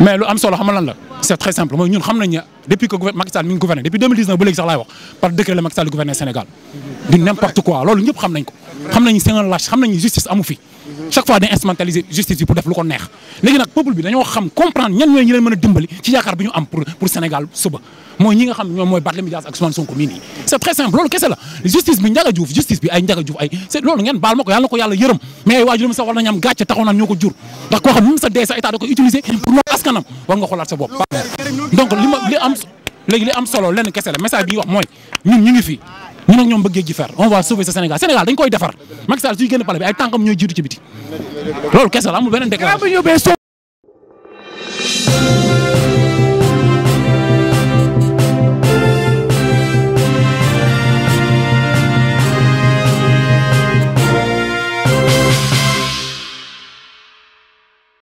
mais lu am solo xam nga lan la c'est très simple mooy ñun xam nañ ne depuis que Macky Sall mi ngi gouverner depuis 2019 ba léegi sax laay wax par décret la Macky Sall gouverner Sénégal du n'importe quoi loolu ñëpp xam nañ ko xam nañu c'est un lâche xam nañu justice amu fi chaque fois day instrumentaliser justice bi pour def lu ko neex léegi nag peuple bi dañoo xam comprendre ñan ñooy ñi leen mën dimbali ci yaakaar bi ñu am pour Sénégal suba mooy ñi nga xam ñoom mooy Barthélémy Dias ak Ousmane Sonko mii nii c'est très simple loolu kese la justice bi Ndiaga Diouf justice bi ay Ndiaga Diouf ay c'est loolu ngeen baal ma ko yàlla na ko yàlla yërëm mais ay waajuram sax war nañu war nga xoolaat léegi li am solo lenn kese la message bi ñuy wax mooy ñun ñu ngi fi ñun ak ñoom bëggee fer on va sauver ce Sénégal Sénégal dañ koy defar Macky Sall suy génn pale bi ay tànkam ñooy jiitu ci biti loolu kese la amul beneen déclaration